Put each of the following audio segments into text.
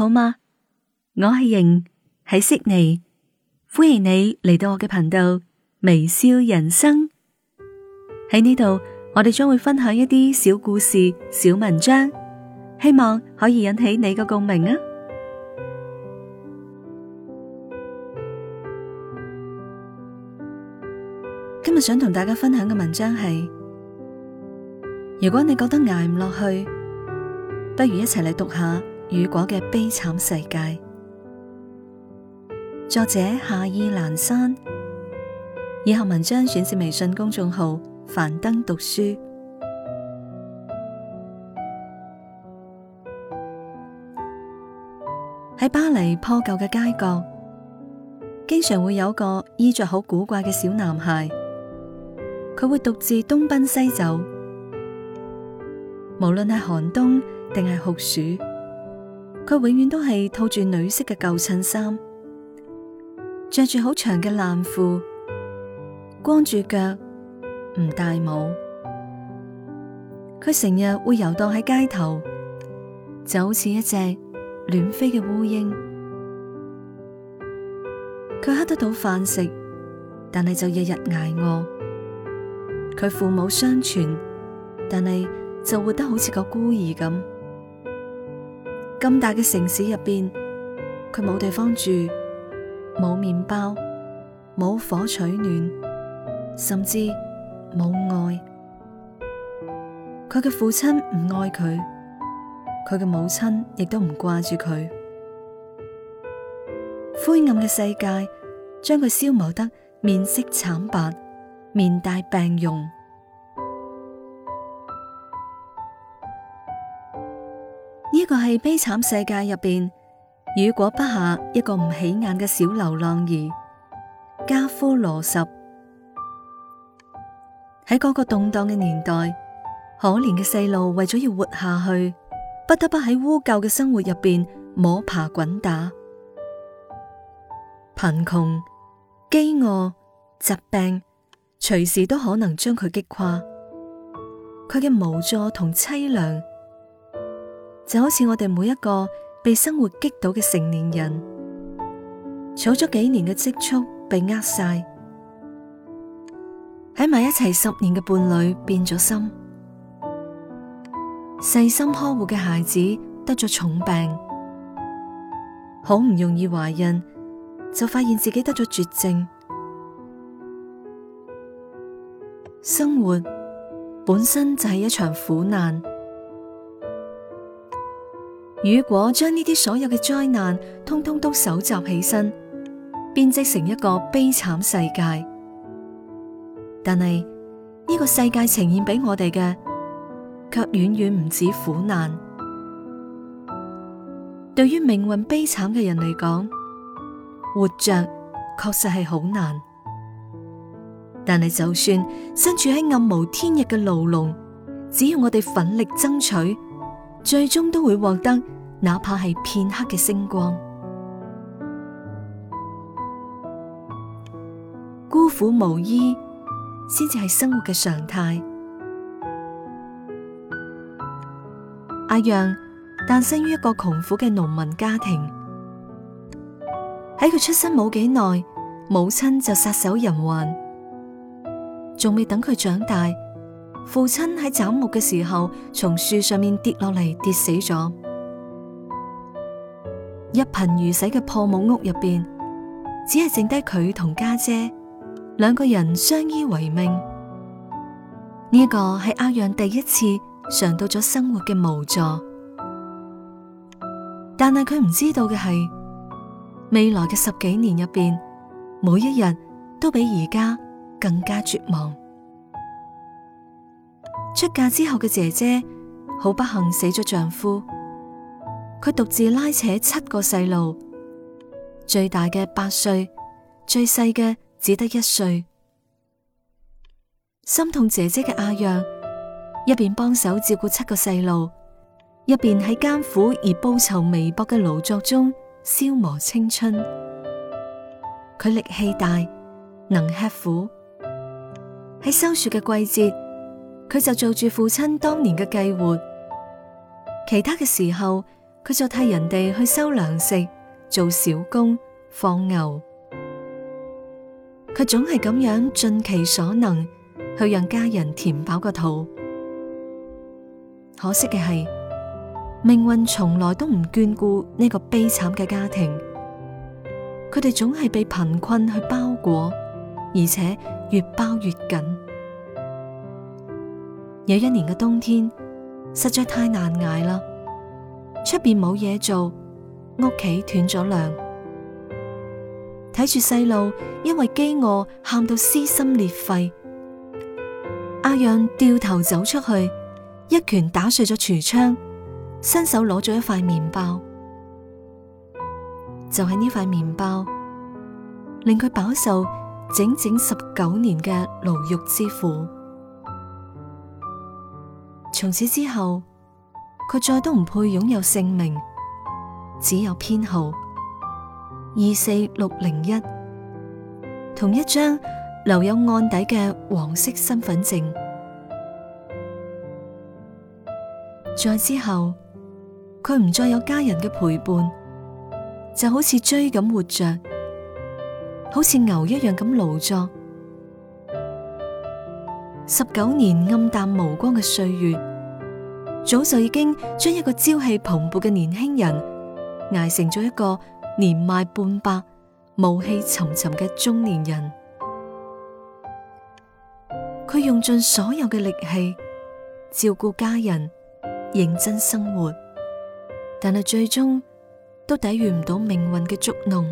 好嗎？我係瑩，喺悉尼，歡迎你嚟到我嘅頻道微笑人生。喺呢度，我哋將會分享一啲小故事、小文章，希望可以引起你嘅共鳴啊！今日想同大家分享嘅文章係：如果你覺得捱唔落去，不如一齊嚟讀下。雨果嘅悲慘世界，作者夏意闌珊。以下文章選自微信公眾號“樊登讀書”。喺巴黎破舊嘅街角，經常會有個衣着好古怪嘅小男孩，佢會獨自東奔西走，無論係寒冬定係酷暑。佢永遠都係套住女式嘅舊襯衫，着住好長嘅爛褲，光住腳，唔戴帽。佢成日會遊蕩喺街頭，就好似一隻亂飛嘅烏蠅。佢乞得到飯食，但係就日日挨餓。佢父母雙全，但係就活得好似個孤兒咁。咁大嘅城市入邊，佢冇地方住，冇麵包，冇火取暖，甚至冇愛。佢嘅父親唔愛佢，佢嘅母親亦都唔掛住佢。灰暗嘅世界將佢消磨得面色慘白，面帶病容。個係悲慘世界入邊，雨果筆下一個唔起眼嘅小流浪兒加夫羅什。喺嗰個動盪嘅年代，可憐嘅細路為咗要活下去，不得不喺污垢嘅生活入邊摸爬滾打。貧窮、飢餓、疾病，隨時都可能將佢擊垮。佢嘅無助同淒涼。就好似我哋每一個被生活擊倒嘅成年人，儲咗幾年嘅積蓄被呃晒，喺埋一齊十年嘅伴侶變咗心，細心呵護嘅孩子得咗重病，好唔容易懷孕就發現自己得咗絕症，生活本身就係一場苦難。如果將呢啲所有嘅災難，通通都搜集起身，編織成一個悲慘世界，但係呢個世界呈現俾我哋嘅，卻遠遠唔止苦難。對於命運悲慘嘅人嚟講，活着確實係好難。但係就算身處喺暗無天日嘅牢籠，只要我哋奮力爭取。最終都會獲得，哪怕係片刻嘅星光。孤苦無依先至係生活嘅常態。阿讓誕生於一個窮苦嘅農民家庭，喺佢出生冇幾耐，母親就撒手人寰，仲未等佢長大。父親喺斬木嘅時候，從樹上面跌落嚟，跌死咗。一貧如洗嘅破木屋入邊，只係剩低佢同家姐兩個人相依為命。呢個係阿讓第一次嘗到咗生活嘅無助，但係佢唔知道嘅係，未來嘅十幾年入邊，每一日都比而家更加絕望。出嫁之後嘅姐姐好不幸，死咗丈夫，佢獨自拉扯七個細路，最大嘅八歲，最細嘅只得一歲。心痛姐姐嘅阿讓，一邊幫手照顧七個細路，一邊喺艱苦而報酬微薄嘅勞作中消磨青春。佢力氣大，能吃苦，喺收樹嘅季節。佢就做住父親當年嘅計劃，其他嘅時候佢就替人哋去收糧食、做小工、放牛。佢總係咁樣盡其所能去讓家人填飽個肚。可惜嘅係，命運從來都唔眷顧呢個悲慘嘅家庭。佢哋總係被貧困去包裹，而且越包越緊。有一年嘅冬天，實在太難捱啦。出邊冇嘢做，屋企斷咗糧，睇住細路因為飢餓喊到撕心裂肺，阿讓掉頭走出去，一拳打碎咗櫥窗，伸手攞咗一塊麵包。就係呢塊麵包，令佢飽受整整十九年嘅牢獄之苦。從此之後，佢再都唔配擁有姓名，只有編號二四六零一，1，同一張留有案底嘅黃色身份證。再之後，佢唔再有家人嘅陪伴，就好似追咁活着，好似牛一樣咁勞作。十九年暗淡無光嘅歲月，早就已經將一個朝氣蓬勃嘅年輕人捱成咗一個年邁半百、暮氣沉沉嘅中年人。佢用盡所有嘅力氣照顧家人，認真生活，但係最終都抵禦唔到命運嘅捉弄。呢、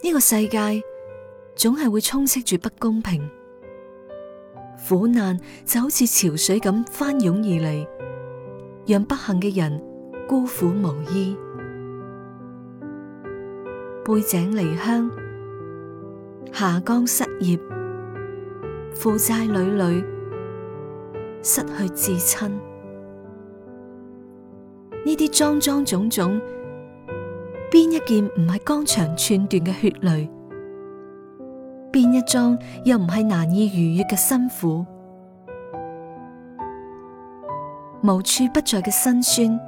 這個世界。總係會充斥住不公平，苦難就好似潮水咁翻湧而嚟，讓不幸嘅人孤苦無依，背井離鄉，下崗失業，負債累累，失去至親，呢啲樁樁種種，邊一件唔係肝腸寸斷嘅血淚？邊一樁又唔係難以逾越嘅辛苦、無處不在嘅辛酸，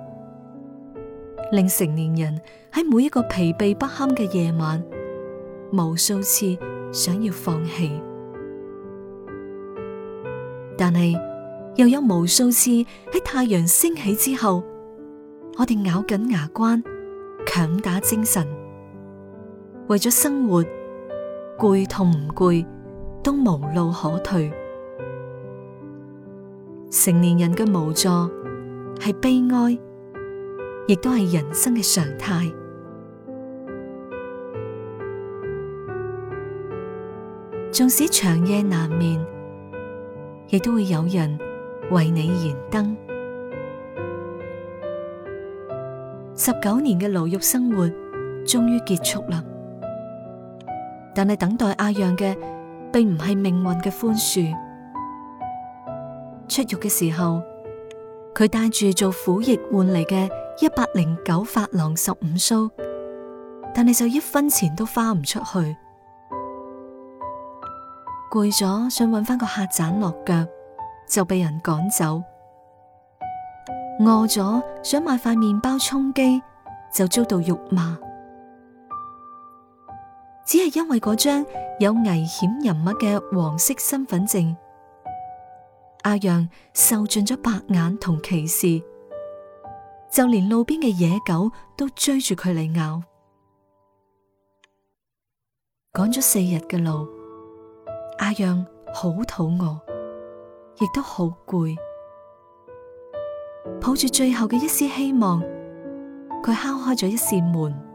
令成年人喺每一個疲憊不堪嘅夜晚，無數次想要放棄。但係又有無數次喺太陽升起之後，我哋咬緊牙關，強打精神，為咗生活。攰同唔攰都無路可退，成年人嘅無助係悲哀，亦都係人生嘅常態。縱使長夜難眠，亦都會有人為你燃燈。十九年嘅牢獄生活終於結束啦。但係等待阿讓嘅，並唔係命運嘅寬恕。出獄嘅時候，佢帶住做苦役換嚟嘅一百零九法郎十五蘇，但係就一分錢都花唔出去。攰咗想搵翻個客棧落腳，就被人趕走；餓咗想買塊麵包充飢，就遭到辱罵。只係因為嗰張有危險人物嘅黃色身份證，阿讓受盡咗白眼同歧視，就連路邊嘅野狗都追住佢嚟咬。趕咗四日嘅路，阿讓好肚餓，亦都好攰，抱住最後嘅一絲希望，佢敲開咗一扇門。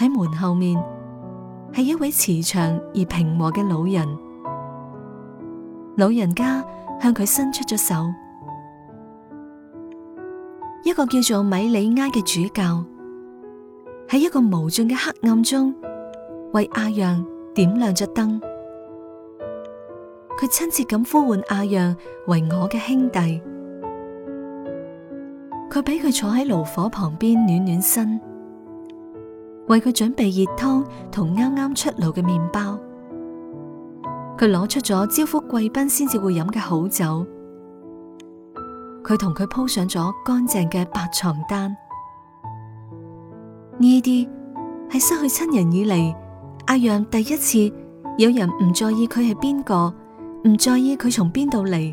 喺門後面係一位慈祥而平和嘅老人，老人家向佢伸出咗手。一個叫做米里埃嘅主教喺一個無盡嘅黑暗中為阿讓點亮咗燈。佢親切咁呼喚阿讓為我嘅兄弟。佢俾佢坐喺爐火旁邊暖暖身。為佢準備熱湯同啱啱出爐嘅麵包，佢攞出咗招呼貴賓先至會飲嘅好酒，佢同佢鋪上咗乾淨嘅白床單。呢啲係失去親人以嚟，阿讓第一次有人唔在意佢係邊個，唔在意佢從邊度嚟，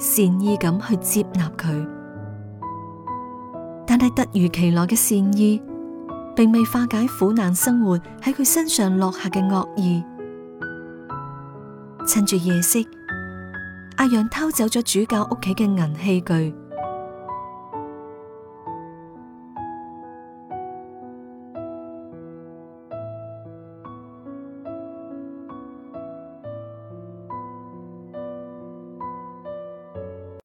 善意咁去接納佢。但係突如其來嘅善意，並未化解苦難生活喺佢身上落下嘅惡意。趁住夜色，阿陽偷走咗主教屋企嘅銀器具。